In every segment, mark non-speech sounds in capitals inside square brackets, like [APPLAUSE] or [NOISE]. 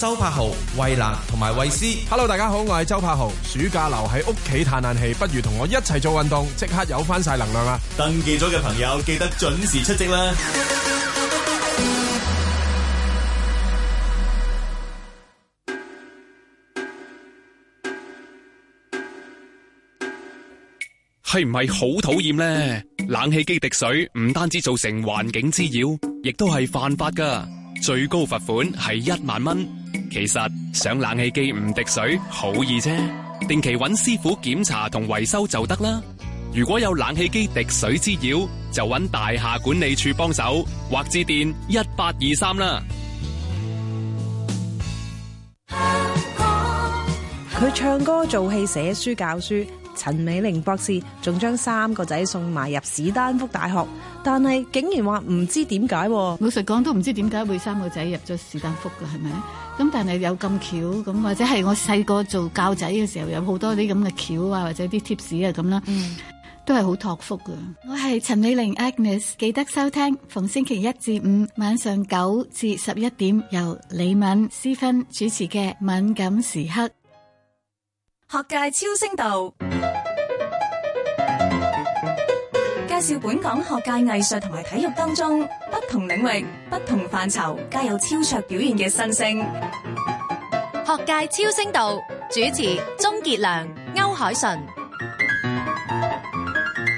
周柏豪、衛蘭同埋衛詩，Hello，大家好，我係周柏豪。暑假留喺屋企嘆冷氣，不如同我一齊做運動，即刻有翻晒能量啦！登記咗嘅朋友記得準時出席啦。係唔係好討厭呢？冷氣機滴水，唔單止造成環境滋擾，亦都係犯法噶，最高罰款係一萬蚊。其實想冷氣機唔滴水好易啫，定期揾師傅檢查同維修就得啦。如果有冷氣機滴水之擾，就揾大廈管理處幫手或致電一八二三啦。佢唱歌、做戲、寫書、教書。陳美玲博士仲將三個仔送埋入史丹福大學，但係竟然話唔知點解。老實講都唔知點解會三個仔入咗史丹福噶，係咪？咁但係有咁橋咁，或者係我細個做教仔嘅時候，有好多啲咁嘅橋啊，或者啲 tips 啊咁啦，嗯、都係好託福噶。我係陳美玲 Agnes，記得收聽逢星期一至五晚上九至十一點由李敏思芬主持嘅敏感時刻。學界超聲道，介紹本港學界藝術同埋體育當中不同領域、不同範疇皆有超卓表現嘅新星。學界超聲道主持鍾杰良、歐鎧淳，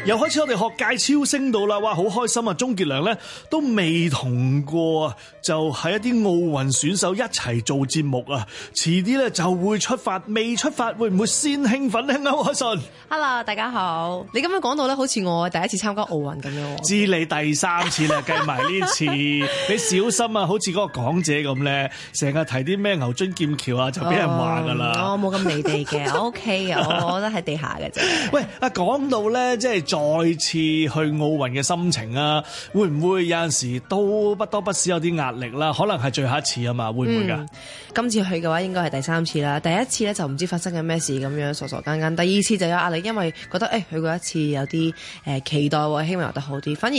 又開始我哋學界超聲道啦！哇，好開心啊！鍾杰良呢都未同過啊！就係一啲奧運選手一齊做節目啊！遲啲咧就會出發，未出發會唔會先興奮咧？歐鎧淳，Hello，大家好。你咁樣講到咧，好似我第一次參加奧運咁樣。知你第三次啦，計埋呢次， [LAUGHS] 你小心啊！好似嗰個港姐咁咧，成日提啲咩牛津劍橋啊，就俾人話噶啦。我冇咁離地嘅 [LAUGHS] ，OK 啊，我覺得喺地下嘅啫。喂，啊講到咧，即係再次去奧運嘅心情啊，會唔會有陣時都不多不少有啲壓力？力啦，可能係最後一次啊嘛，會唔會噶、嗯？今次去嘅話，應該係第三次啦。第一次咧就唔知發生緊咩事咁樣，傻傻更更。第二次就有壓力，因為覺得誒、欸、去過一次有啲誒、呃、期待喎，希望游得好啲。反而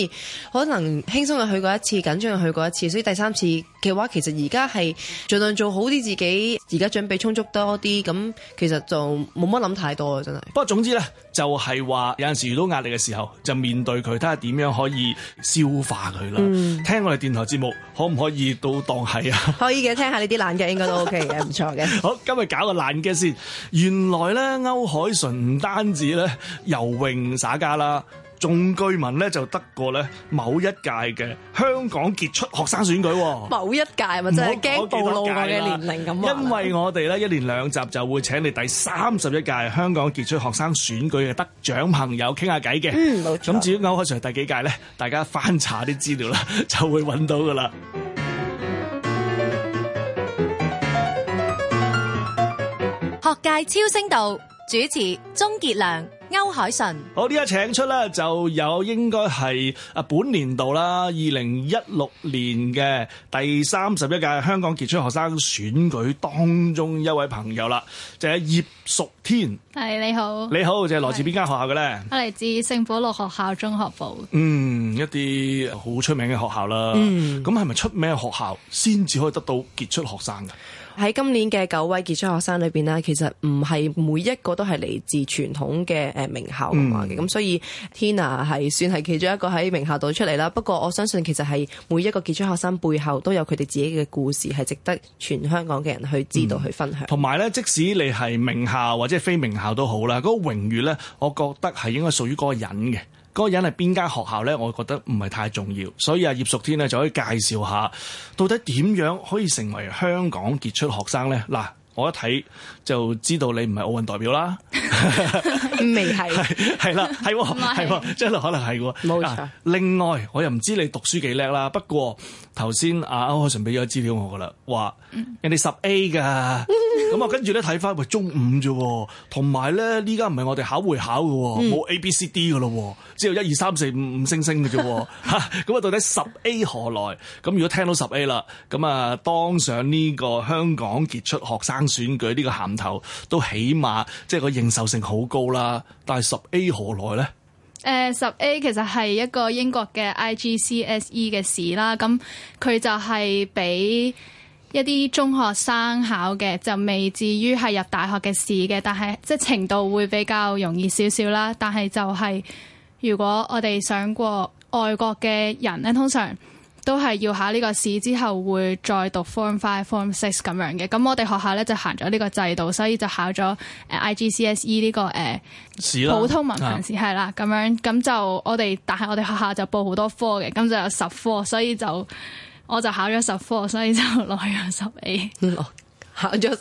可能輕鬆嘅去過一次，緊張嘅去過一次，所以第三次嘅話，其實而家係盡量做好啲自己，而家準備充足多啲，咁其實就冇乜諗太多啊！真係。不過總之咧，就係、是、話有陣時遇到壓力嘅時候，就面對佢，睇下點樣可以消化佢啦。嗯、聽我哋電台節目，可唔可以？可以到，當係啊！可以嘅，聽下呢啲爛嘅應該都 OK 嘅，唔錯嘅。好，今日搞個爛嘅先。原來咧，歐鎧淳唔單止咧游泳耍家啦，眾居民咧就得過咧某一屆嘅香港傑出學生選舉。某一屆咪真係，唔好驚暴露我嘅年齡咁。因為我哋咧一連兩集就會請你第三十一屆香港傑出學生選舉嘅得獎朋友傾下偈嘅。嗯，冇錯。咁至於歐鎧淳係第幾屆咧？大家翻查啲資料啦，就會揾到噶啦。學界超聲道主持鍾傑良、歐鎧淳，好呢家，請出咧就有應該係啊本年度啦，二零一六年嘅第三十一屆香港傑出學生選舉當中一位朋友啦，就係、是、葉淑天。係你好，你好，你好就係、是、來自邊間學校嘅咧？我嚟自聖保祿學校中學部。嗯，一啲好出名嘅學校啦。嗯，咁係咪出名嘅學校先至可以得到傑出學生嘅？喺今年嘅九位傑出學生裏邊呢，其實唔係每一個都係嚟自傳統嘅誒名校嘅嘛嘅，咁、嗯、所以 Tina 係算係其中一個喺名校度出嚟啦。不過我相信其實係每一個傑出學生背後都有佢哋自己嘅故事，係值得全香港嘅人去知道、嗯、去分享。同埋呢，即使你係名校或者非名校都好啦，嗰、嗰個榮譽呢，我覺得係應該屬於嗰個人嘅。嗰人係邊間學校咧？我覺得唔係太重要，所以啊葉淑天咧就可以介紹下，到底點樣可以成為香港傑出學生咧？嗱，我一睇就知道你唔係奧運代表啦，未 [LAUGHS] 係 [LAUGHS] 不是？ [LAUGHS] 係啦，係喎，係喎，即係不是 可能係喎。冇沒錯、啊。另外，我又唔知你讀書幾叻啦。不過頭先啊歐鎧淳俾咗資料我噶啦，話人哋十 A 㗎。嗯咁啊，嗯、跟住咧睇翻，喂，中五啫，同埋咧，依家唔係我哋考會考嘅，冇、嗯、A、B、C、D 嘅咯，只有一二三四五五星星嘅啫。咁 [LAUGHS] 啊，到底十 A 何來？咁 [LAUGHS] 如果聽到十 A 啦，咁啊，當上呢個香港傑出學生選舉呢個銜頭，都起碼即係、就是、個認受性好高啦。但係十 A 何來咧？誒、呃，十 A 其實係一個英國嘅 IGCSE 嘅試啦，咁佢就係俾。一啲中學生考嘅就未至於係入大學嘅試嘅，但係即係程度會比較容易少少啦。但係就係、是、如果我哋上過外國嘅人咧，通常都係要考呢個試之後會再讀 form five、form six 咁樣嘅。咁我哋學校咧就行咗呢個制度，所以就考咗誒、uh, IGCSE 呢、呢個誒、uh, 啦普通文憑試係啦。咁、啊、樣咁就我哋，但係我哋學校就報好多科嘅，咁就有十科，所以就。我就考咗十科，所以就攞咗十 A。 [LAUGHS] [NOISE] 咗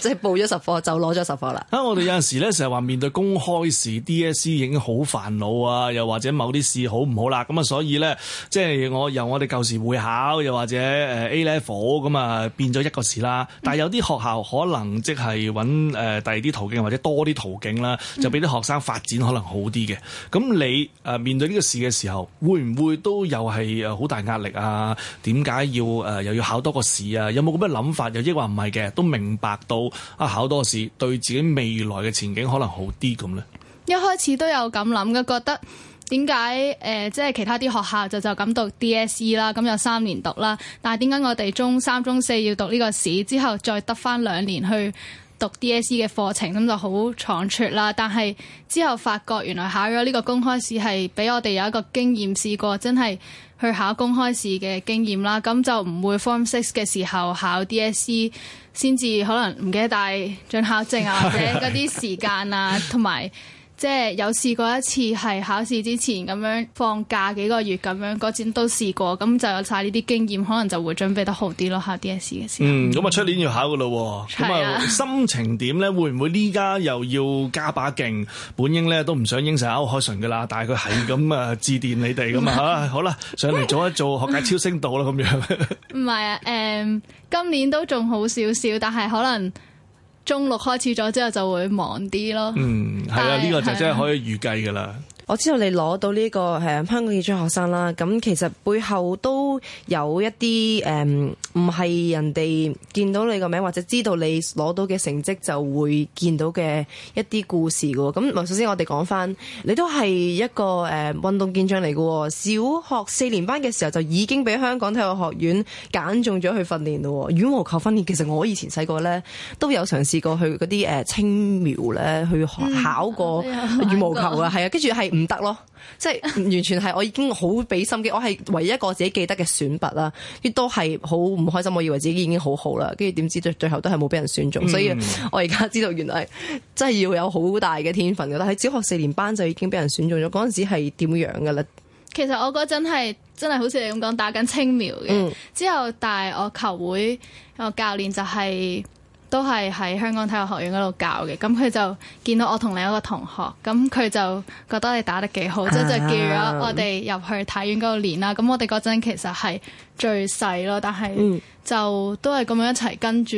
即係報咗十科就攞咗十科啦。啊， [LAUGHS] [LAUGHS] 我哋有陣時咧，成日話面對公開試 DSE 已經好煩惱啊，又或者某啲事好唔好啦。咁啊，所以咧，即係我由我哋舊時會考，又或者誒 A Level 咁啊，變咗一個試啦。但係有啲學校可能即係揾誒第二啲途徑，或者多啲途徑啦，就俾啲學生發展可能好啲嘅。咁、嗯、你誒面對呢個事嘅時候，會唔會都又係誒好大壓力啊？點解要誒又要考多個試啊？有冇咁嘅諗法？又抑或唔係嘅？都明白到啊，考多試對自己未來嘅前景可能好啲咁呢，一開始都有咁諗嘅，覺得點解誒，即係其他啲學校就就咁讀 DSE 啦，咁有三年讀啦，但係點解我哋中三、中四要讀呢個試之後，再得翻兩年去？讀 DSE 嘅課程咁就好倉促啦，但係之後發覺原來考咗呢個公開試係俾我哋有一個經驗試過真係去考公開試嘅經驗啦，咁就唔會 Form Six 嘅時候考 DSE 先至可能唔記得帶准考證啊，或者嗰啲時間啊，同埋。即係有試過一次係考試之前咁樣放假幾個月咁樣，嗰陣都試過，咁就有晒呢啲經驗，可能就會準備得好啲咯。考 DSE 嘅時候。嗯，咁啊出年要考噶咯、啊，咁啊心情點咧？會唔會呢家又要加把勁？本英咧都唔想應承歐鎧淳噶啦，但係佢係咁啊致電你哋噶嘛嚇。好啦，上嚟做一做學界超聲道啦咁樣。唔 [LAUGHS] 係啊，誒、um, 今年都仲好少少，但係可能。中六開始咗之後就會忙啲咯，嗯，係啊，呢是個就真係可以預計㗎喇。我知道你攞到呢、呢個誒、嗯、香港傑出學生啦，咁其實背後都有一啲誒唔係人哋見到你個名或者知道你攞到嘅成績就會見到嘅一啲故事嘅喎。咁、嗯、首先我哋講翻，你都係一個誒運、嗯、動健將嚟嘅。小學四年班嘅時候就已經俾香港體育學院揀中咗去訓練咯。羽毛球訓練其實我以前細個咧都有嘗試過去啲誒青苗咧去學考過羽毛、嗯哎、球啊，係啊， [LAUGHS] 跟住係。唔得咯，即係完全係我已經好俾心機， [LAUGHS] 我係唯一一個自己記得嘅選拔啦，亦都係好唔開心。我以為自己已經好好啦，跟住點知最最後都係冇俾人選中，嗯、所以我而家知道原來真係要有好大嘅天分噶啦。但係小學四年班就已經俾人選中咗，嗰陣時係點樣噶咧？其實我嗰陣係真係好似你咁講打緊青苗嘅，嗯、之後但係我球會我教練就係、是。都係喺香港體育學院嗰度教嘅，咁佢就見到我同另一個同學，咁佢就覺得你打得幾好，即係、啊、叫咗我哋入去體院嗰度練啦。咁我哋嗰陣其實係最細咯，但係就都係咁樣一齊跟住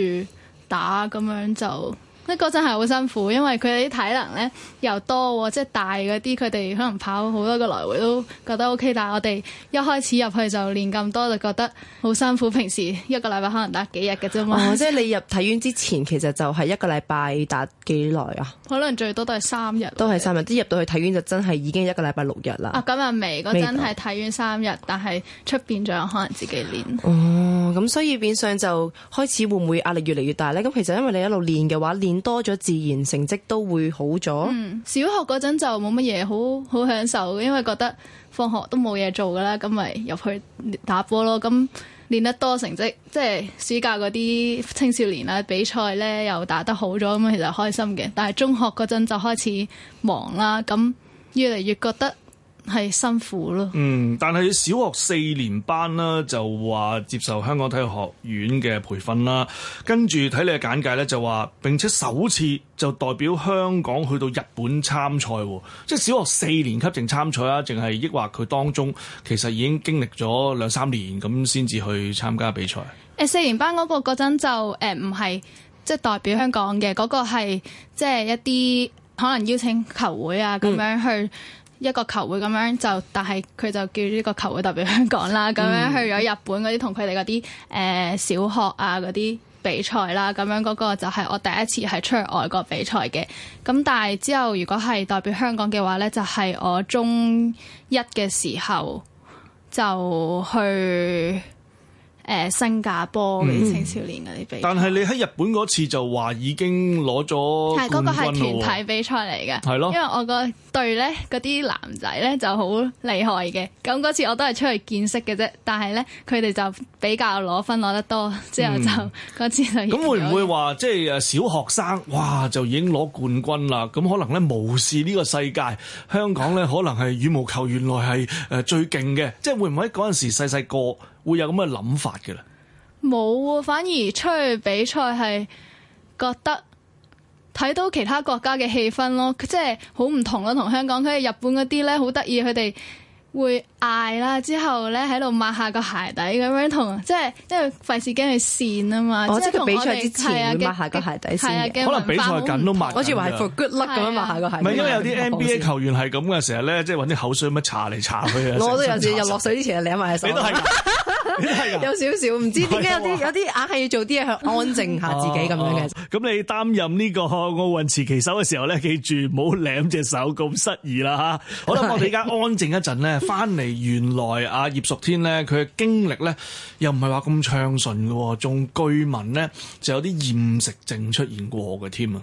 打，咁樣就。咧嗰陣係好辛苦，因為佢哋啲體能咧又多、啊，即係大嗰啲佢哋可能跑好多個來回都覺得 OK，但係我哋一開始入去就練咁多就覺得好辛苦。平時一個禮拜可能打幾日嘅啫嘛。哦、 [LAUGHS] 即係你入體院之前其實就係一個禮拜打幾耐啊？可能最多都係三日、啊。都係三日，一入到去體院就真係已經一個禮拜六日啦。啊，今日未嗰陣係體院三日，但係出邊仲有可能自己練。哦，咁所以變相就開始會唔會壓力越嚟越大咧？咁其實因為你一路練嘅話練。多咗自然成績都會好咗。嗯，小學嗰陣就冇乜嘢好好，好享受，因為覺得放學都冇嘢做噶啦，咁咪入去打波咯。咁、嗯、練得多成績，即係暑假嗰啲青少年啊比賽咧又打得好咗，咁、嗯、其實開心嘅。但係中學嗰陣就開始忙啦，咁、嗯、越嚟越覺得。係辛苦咯。嗯，但係小學四年班啦、啊，就話接受香港體育學院嘅培訓啦、啊。跟住睇你嘅簡介呢，就話並且首次就代表香港去到日本參賽、啊。即、就、係、是、小學四年級淨參賽啊，淨係抑或佢當中其實已經經歷咗兩三年咁先至去參加比賽。誒、欸，四年班嗰個嗰陣就誒唔係即代表香港嘅，嗰、那個係即係一啲可能邀請球會啊咁樣去。嗯一個球會咁樣就，但係佢就叫呢個球會代表香港啦，咁樣去咗日本嗰啲同佢哋嗰啲誒小學啊嗰啲比賽啦，咁樣嗰個就係我第一次係出去外國比賽嘅。咁但係之後如果係代表香港嘅話呢就係我中一嘅時候就去。誒新加坡嘅青少年嗰啲、嗯、比，但係你喺日本嗰次就話已經攞咗冠軍啦。係嗰、嗯，那個團體比賽嚟嘅，係咯的。因為我個隊咧嗰啲男仔咧就好厲害嘅，咁嗰次我都係出去見識嘅啫。但係咧佢哋就比較攞分攞得多，之後就嗰、嗯、次咁會唔會話即係誒小學生哇就已經攞冠軍啦？咁可能咧無視呢個世界，香港咧可能係羽毛球原來係誒最勁嘅，即、就、係、是、會唔會喺嗰陣時細細個。會有咁嘅諗法嘅啦，冇喎、啊，反而出去比賽係覺得睇到其他國家嘅氣氛咯，佢即係好唔同咯、啊，同香港，佢日本嗰啲咧好得意，佢哋。會嗌啦，之後咧喺度抹下個鞋底咁樣，同即係因為費事驚佢跣啊嘛。哦，即係個比賽之前會抹下個鞋底係啊，可能比賽緊都抹。我仲話係 for good luck 咁樣抹下個鞋。唔係因為有啲 NBA 球員係咁嘅，成日咧即係搵啲口水乜搽嚟搽去，我都有時又落水之前就舐埋隻手。你都係，有少少，唔知點解有啲有啲硬係要做啲嘢去安靜下自己咁樣嘅。咁你擔任呢個奧運持旗手嘅時候咧，記住唔好舐隻手咁失儀啦吓。好啦，我哋而家安靜一陣咧。翻嚟原來阿葉淑天咧，佢嘅經歷咧又唔係話咁暢順嘅喎、哦，仲據聞咧就有啲厭食症出現過嘅添啊！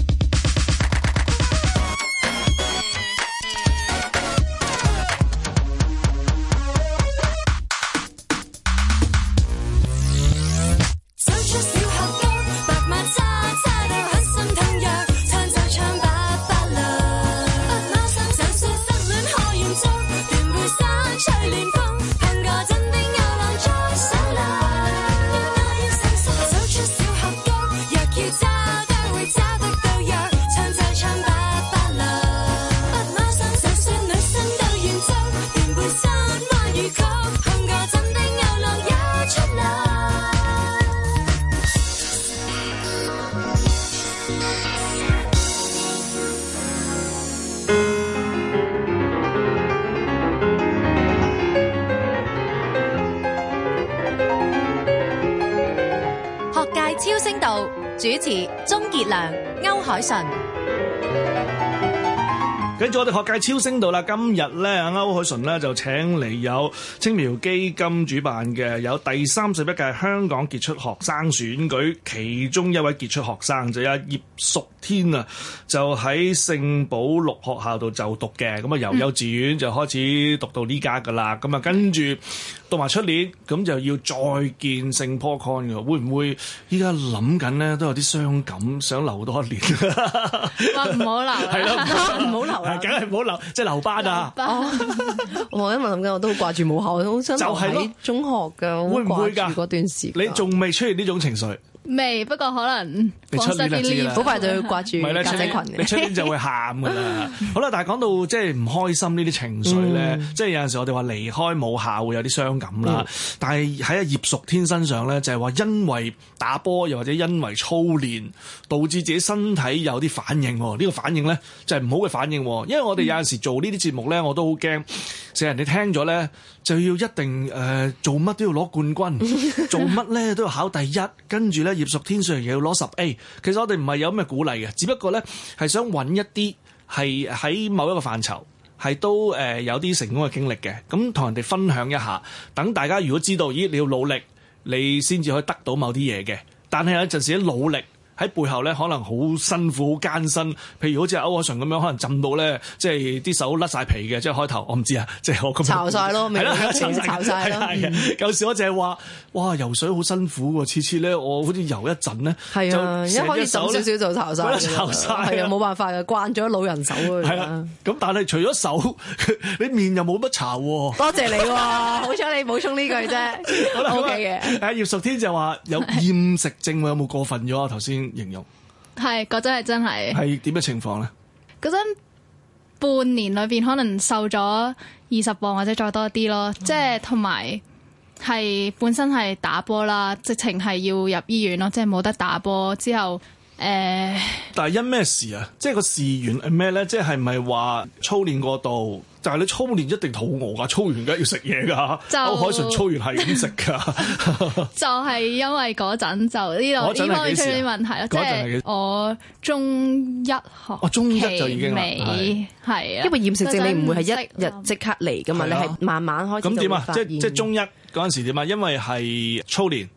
海神。跟住我哋學界超聲道啦，今日咧阿歐鎧淳咧就請嚟有青苗基金主辦嘅有第三十一屆香港傑出學生選舉其中一位傑出學生，就阿葉淑天啊，就喺聖保祿學校度就讀嘅，咁啊由幼稚園就開始讀到呢家噶啦，咁啊跟住讀埋出年，咁就要再見聖 Paul Con 嘅，會唔會依家諗緊咧都有啲傷感，想留多一年啊？話唔好留，係咯，唔好留。梗係唔好留，即係留班啊！我一問諗緊，我都好掛住母校，好想就係喺中學噶，會唔會噶？嗰段時間，你仲未出現呢種情緒。未，不過可能。你出年啲好快就要掛住格仔裙。 [LAUGHS] 你出年就會喊噶啦。 [LAUGHS] 好啦，但係講到即係唔開心緒，呢啲情緒咧，嗯、即係有陣時我哋話離開母校會有啲傷感啦。嗯、但係喺阿葉淑天身上咧，就係、是、話因為打波又或者因為操練，導致自己身體有啲反應、喔。呢、這個反應咧就係、是、唔好嘅反應、喔。因為我哋有陣時做節呢啲節目咧，我都好驚成日你聽咗咧。就要一定誒做乜都要攞冠軍，做乜咧都要考第一，跟住咧葉淑天上又要攞十 A。其實我哋唔係有咩鼓勵嘅，只不過咧係想揾一啲係喺某一個範疇係都誒有啲成功嘅經歷嘅，咁同人哋分享一下。等大家如果知道，咦你要努力，你先至可以得到某啲嘢嘅。但係有陣時努力。喺背後咧，可能好辛苦、好艱辛。譬如好似歐鎧淳咁樣，可能浸到咧，即係啲手甩晒皮嘅。即係開頭，我唔知啊。即係我咁樣，巢曬咯，係啦，巢曬，巢曬啦。舊時我淨係話，哇，游水好辛苦喎。次次咧，我好似游一陣咧，啊，一開始浸少少就巢曬，巢曬，係啊，冇辦法啊，慣咗老人手啊。係啊，咁但係除咗手，你面又冇乜巢喎。多謝你喎，好彩你補充呢句啫。O K 嘅。阿葉淑天就話有厭食症喎，有冇過分咗啊？頭先。形容係嗰陣係真係係點嘅情況咧？嗰陣半年裏邊可能瘦咗二十磅或者再多啲咯，嗯，即係同埋係本身係打波啦，直情係要入醫院咯，即係冇得打波之後。誒，但係因咩事啊？即係個事源係咩咧？即係係咪話操練嗰度，就係你操練一定肚餓噶，操完梗要食嘢噶。就鎧淳操完係咁食噶？ [LAUGHS] 就係因為嗰陣就呢度，我真係幾時問題咯？即係我中一學、哦，我中一就已經啦，係美啊，啊因為厭食症你唔會係一日即刻嚟噶嘛，啊、你係慢慢開始就發現。咁點啊？即係即係中一嗰陣時點啊？因為係操練。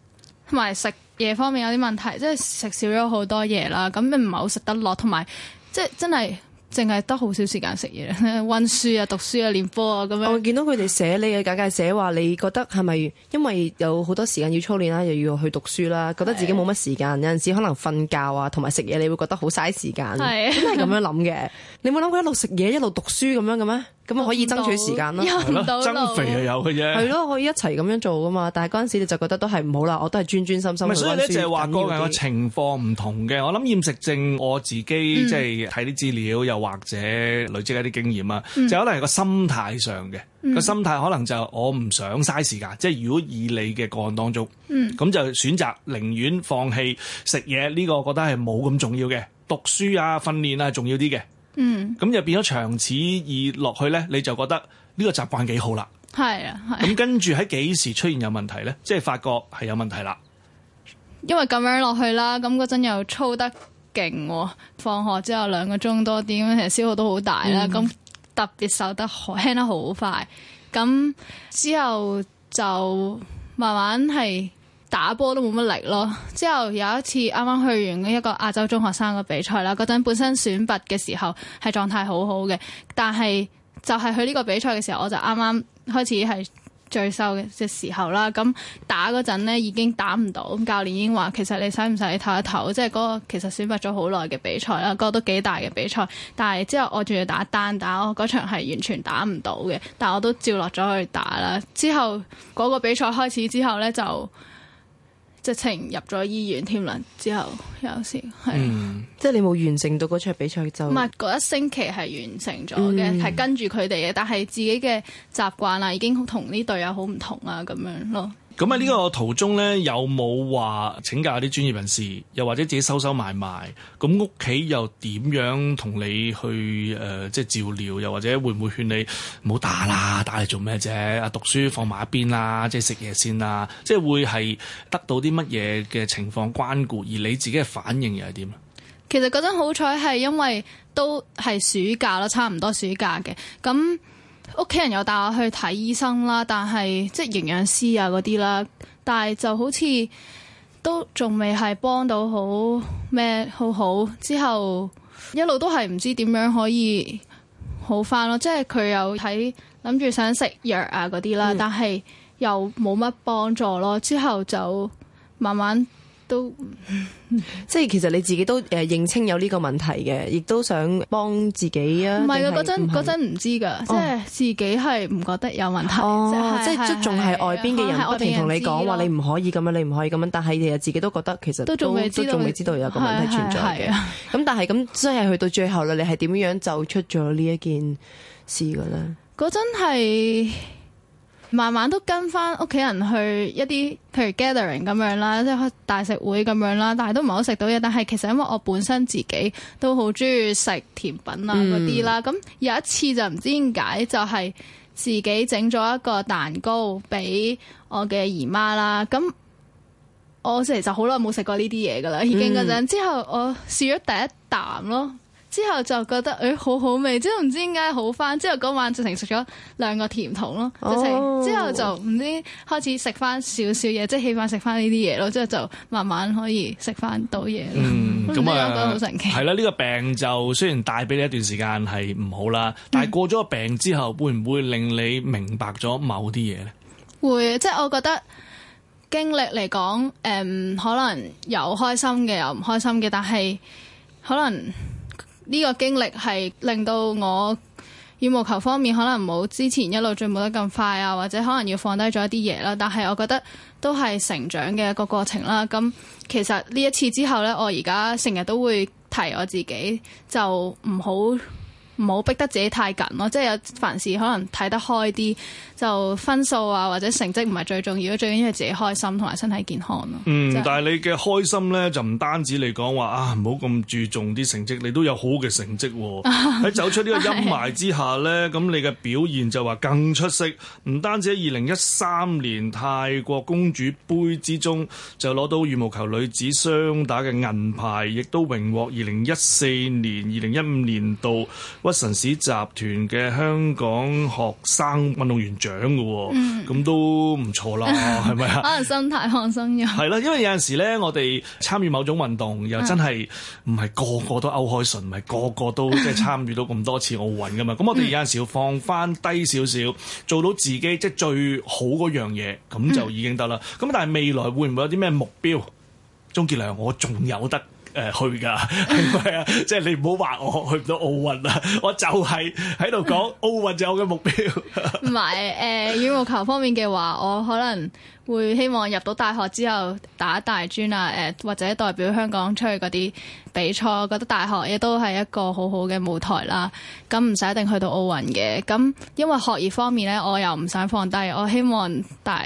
同埋食嘢方面有啲問題，即係食少咗好多嘢啦，咁你唔係好食得落，同埋即係真係淨係得好少時間食嘢，温 [LAUGHS] 書啊、讀書啊、練波啊咁樣。我會見到佢哋寫你嘅簡介，寫話你覺得係咪因為有好多時間要操練啦，又要去讀書啦，是覺得自己冇乜時間，有陣時可能瞓覺啊，同埋食嘢，你會覺得好嘥時間，是真係咁樣諗嘅。 [LAUGHS] 你冇諗過一路食嘢一路讀書咁樣嘅咩？咁啊，可以爭取時間咯，係咯，增肥又有嘅啫，係咯， [LAUGHS] 可以一齊咁樣做噶嘛。但係嗰陣時你就覺得都係唔好啦，我都係專專心心去温書。唔係，所以咧就係話個情況唔同嘅。我諗厭食症，我自己即係睇啲資料，又或者累積一啲經驗啊，嗯、就可能係個心態上嘅個、嗯、心態，可能就我唔想嘥時間。即、就、係、是、如果以你嘅個案當中，咁、嗯、就選擇寧願放棄食嘢呢個，覺得係冇咁重要嘅，讀書啊、訓練啊、訓練啊重要啲嘅。嗯，咁又變咗長此而落去咧，你就覺得呢個習慣幾好啦。係啊，咁、啊、跟住喺幾時出現問呢、就是、有問題咧？即係發覺係有問題啦。因為咁樣落去啦，咁嗰陣又操得勁、哦，放學之後兩個鐘多啲，咁其實消耗都好大啦。咁、嗯、特別瘦得好輕得好快，咁之後就慢慢係。打波都冇乜力咯。之後有一次啱啱去完一個亞洲中學生嘅比賽啦，嗰陣本身選拔嘅時候係狀態好好嘅，但係就係去呢個比賽嘅時候，我就啱啱開始係最瘦嘅嘅時候啦。咁打嗰陣呢已經打唔到，咁教練已經話其實你使唔使唞一唞？即係嗰個其實選拔咗好耐嘅比賽啦，嗰個都幾大嘅比賽。但係之後我仲要打單打，我嗰場係完全打唔到嘅，但我都照落咗去打啦。之後嗰個比賽開始之後呢，就，直情入咗醫院添啦，之後有時係，嗯、嘅即係你冇完成到嗰場比賽就。唔係嗰一星期係完成咗嘅，係、嗯、跟住佢哋嘅，但係自己嘅習慣啦、啊，已經同呢隊友好唔同啊咁樣咯。咁喺呢個途中咧，有冇話請教啲專業人士，又或者自己收收埋埋？咁屋企又點樣同你去誒、呃，即係照料？又或者會唔會勸你唔好打啦？打嚟做咩啫？啊，讀書放埋一邊啦，即係食嘢先啦，即係會係得到啲乜嘢嘅情況關顧？而你自己嘅反應又係點啊？其實嗰陣好彩係因為都係暑假啦，差唔多暑假嘅咁。屋企人又帶我去睇醫生啦，但係即係營養師啊嗰啲啦，但係就好似都仲未係幫到好咩。好好之後，一路都係唔知點樣可以好返咯，即係佢又睇諗住想食藥啊嗰啲啦，嗯、但係又冇乜幫助咯，之後就慢慢。都即係其實你自己都誒認清有呢個問題嘅，亦都想幫自己啊。唔係啊，嗰陣嗰陣唔知噶，即係自己係唔覺得有問題。即係即係仲係外邊嘅人不停同你講話，你唔可以咁樣，你唔可以咁樣。但係其實自己都覺得其實都都仲未知道有個問題存在嘅。咁但係咁即係去到最後啦，你係點樣走出咗呢一件事嘅咧？嗰陣係。慢慢都跟翻屋企人去一啲，譬如 gathering 咁樣啦，即係大食會咁樣啦，但係都唔係好食到嘢。但係其實因為我本身自己都好中意食甜品呀嗰啲啦，咁、嗯、有一次就唔知點解就係、是、自己整咗一個蛋糕俾我嘅姨媽啦。咁我其實好耐冇食過呢啲嘢噶啦，已經嗰陣之後我試咗第一啖咯。之後就覺得誒、欸、好好味， [NOISE] 之後唔知點解好翻。之後嗰晚就食咗兩個甜筒咯，oh. 之後就唔知開始食翻少少嘢，即係起碼食翻呢啲嘢咯。之後就慢慢可以食翻到嘢。嗯，咁、啊、我覺得好神奇係啦。呢、這個病就雖然帶俾你一段時間係唔好啦，但係過咗個病之後，嗯、會唔會令你明白咗某啲嘢咧？會即係、就是、我覺得經歷嚟講，誒、嗯，可能有開心嘅，有唔開心嘅，但係可能。呢個經歷係令到我羽毛球方面可能冇之前一路進步得咁快啊，或者可能要放低咗一啲嘢啦。但係我覺得都係成長嘅一個過程啦。咁、嗯、其實呢一次之後呢，我而家成日都會提我自己，就唔好。唔好逼得自己太緊咯，即係有凡事可能睇得開啲，就分數啊或者成績唔係最重要，最緊要係自己開心同埋身體健康咯。嗯，就是、但係你嘅開心呢，就唔單止你講話啊，唔好咁注重啲成績，你都有好嘅成績喎、啊。喺 [LAUGHS] 走出呢個陰霾之下呢，咁 [LAUGHS] 是你嘅表現就話更出色。唔單止喺二零一三年泰國公主杯之中就攞到羽毛球女子雙打嘅銀牌，亦都榮獲二零一四年、二零一五年度。屈臣氏集團嘅香港學生運動員獎嘅喎、哦，咁、嗯、都唔錯啦，係咪啊？吧 [LAUGHS] 可能心態放鬆啲。係啦，因為有陣時咧，我哋參與某種運動是又真係唔係個個都歐鎧淳，唔係個個都即係參與到咁多次奧運嘅嘛。咁、啊、 [LAUGHS] 我哋有陣時要放翻低少少，做到自己即係最好嗰樣嘢，咁、嗯、就已經得啦。咁但係未來會唔會有啲咩目標？鍾傑良，我仲有得。誒去㗎，係咪啊？ [LAUGHS] 即係你唔好話我去唔到奧運啦， [LAUGHS] 我就係喺度講奧運就有嘅目標。唔係誒羽毛球方面嘅話，我可能。會希望入到大學之後打大專啊，誒或者代表香港出去嗰啲比賽，我覺得大學亦都係一個好好嘅舞台啦。咁唔使一定去到奧運嘅。咁因為學業方面呢，我又唔想放低。我希望大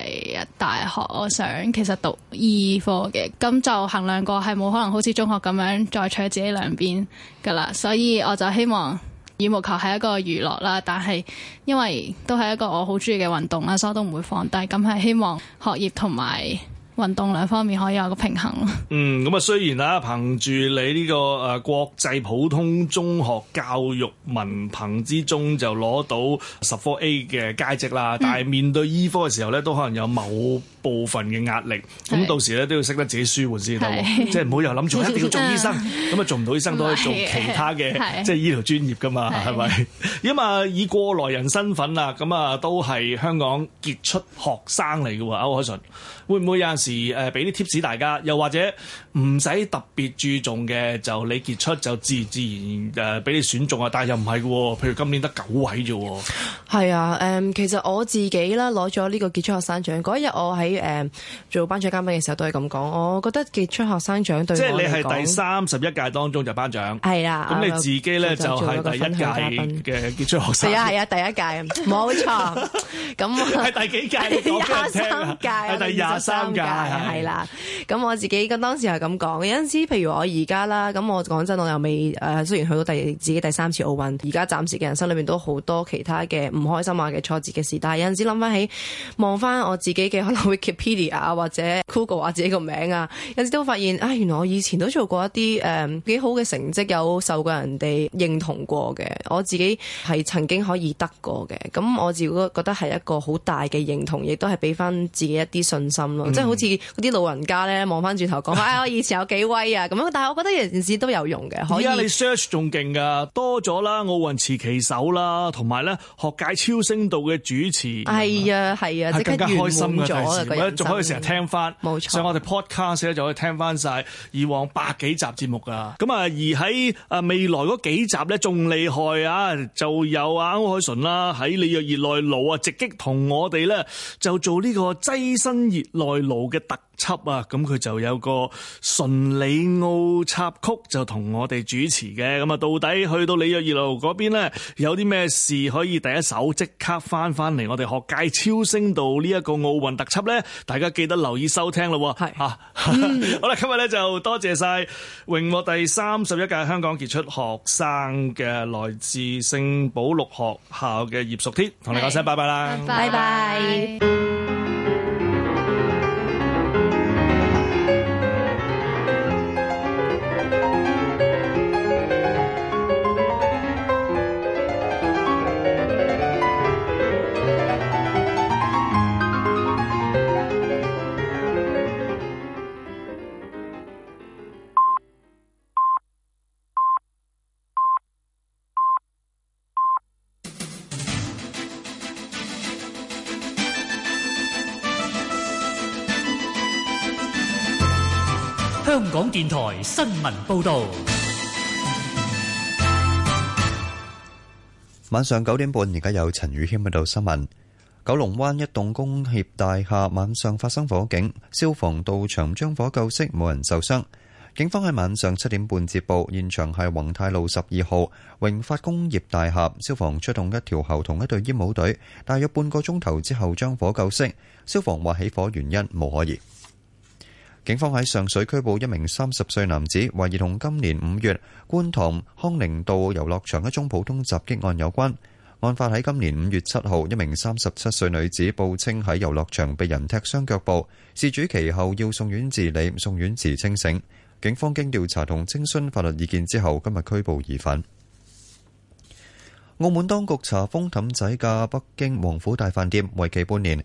大學，我想其實讀醫科嘅。咁就衡量過係冇可能好似中學咁樣再取自己兩邊噶啦，所以我就希望。羽毛球係一個娛樂啦，但係因為都係一個我好中意嘅運動啦，所以都唔會放低。咁係希望學業同埋運動兩方面可以有個平衡咯。嗯，咁啊，雖然啦，憑住你呢個誒國際普通中學教育文憑之中就攞到十科 A 嘅佳績啦，嗯、但係面對醫科嘅時候咧，都可能有某。部分嘅壓力，咁是到時咧都要識得自己舒緩先得，是即係唔好又諗住一定要做醫生，咁啊 [LAUGHS] 做唔到醫生都可以做其他嘅，即係醫療專業噶嘛，係咪是是？因為以過來人身份啊，咁啊都係香港傑出學生嚟嘅喎，歐鎧淳，會唔會有陣時誒俾啲 tips 大家？又或者唔使特別注重嘅，就你傑出就自自然然誒俾你選中啊？但係又唔係嘅，譬如今年得九位啫，係啊，誒、嗯、其實我自己啦攞咗呢個傑出學生獎，嗰一日我係。喺做頒獎嘉賓嘅時候都係咁講，我覺得傑出學生獎對我講，即係你係第三十一屆當中就頒獎，係啦。咁你自己咧就係第一屆嘅傑出學生，係啊係啊，第一屆冇錯。咁係第幾屆？廿三屆，係第廿三屆，係啦。咁我自己咁當時係咁講，有陣時譬如我而家啦，咁我講真，我又未誒，雖然去到第自己第三次奧運，而家暫時嘅人生裏面都好多其他嘅唔開心啊嘅挫折嘅事，但係有陣時諗翻起望翻我自己嘅可能會。Wikipedia 啊，或者 Google 或者自己個名啊，有時都發現，唉、哎，原來我以前都做過一啲誒幾好嘅成績，有受過人哋認同過嘅，我自己係曾經可以得過嘅，咁我自己覺得係一個好大嘅認同，亦都係俾翻自己一啲信心咯，嗯、即係好似嗰啲老人家咧望翻轉頭講，唉、哎，我以前有幾威啊，咁樣，但係我覺得有件事都有用嘅，可以。而家你 search 仲勁噶，多咗啦，奧運持旗手啦，同埋咧學界超聲道嘅主持，係啊係啊，即刻開心咗。咁咧，仲可以成日聽翻，冇錯，上我哋 podcast 咧，就可以聽翻曬以往百幾集節目噶。咁啊，而喺啊未來幾集咧，仲厲害啊！就有啊歐鎧淳啦，喺里約熱內盧啊，直擊同我哋咧，就做呢個擠身熱內盧嘅特輯啊，咁佢就有個純李奧插曲，就同我哋主持嘅。咁啊，到底去到里約二路嗰邊呢？有啲咩事可以第一手即刻翻翻嚟？我哋學界超聲道呢一個奧運特輯呢，大家記得留意收聽咯。係啊，好啦，今日呢，就多謝晒榮獲第三十一屆香港傑出學生嘅來自聖保禄學校嘅葉淑天，同你講聲拜拜啦。是拜拜。拜拜。新聞報道。晚上九點半，而家有陳宇謙報道新聞。九龍灣一棟工業大廈晚上發生火警，消防到場將火救熄，冇人受傷。警方喺晚上七點半接報，現場係宏泰路十二號榮發工業大廈，消防出動一條喉同一隊煙霧隊，大約半個鐘頭之後將火救熄。消防話起火原因冇可疑。警方喺上水拘捕一名三十歲男子，懷疑同今年五月觀塘康寧道遊樂場一宗普通襲擊案有關。案發喺今年五月七號，一名三十七歲女子報稱喺遊樂場被人踢傷腳部，事主其後要送院治理，送院時清醒。警方經調查同徵詢法律意見之後，今日拘捕疑犯。澳門當局查封氹仔嘅北京王府大飯店為期半年。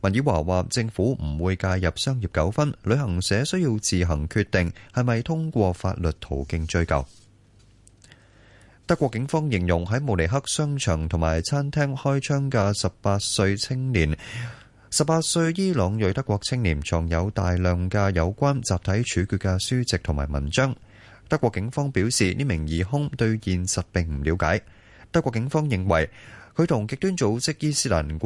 文綺華話：政府唔會介入商業糾紛，旅行社需要自行決定係咪通過法律途徑追究。德國警方形容喺慕尼黑商場同埋餐廳開槍嘅十八歲青年，十八歲伊朗裔德國青年藏有大量嘅有關集體處決嘅書籍同埋文章。德國警方表示呢名疑凶對現實並唔了解。德國警方認為佢同極端組織伊斯蘭。